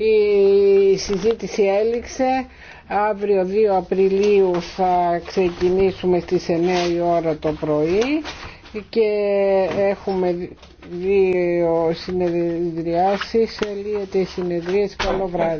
Η συζήτηση έληξε. Αύριο 2 Απριλίου θα ξεκινήσουμε στις 9 η ώρα το πρωί και έχουμε δύο συνεδριάσεις. λύεται η συνεδρία. Καλό βράδυ.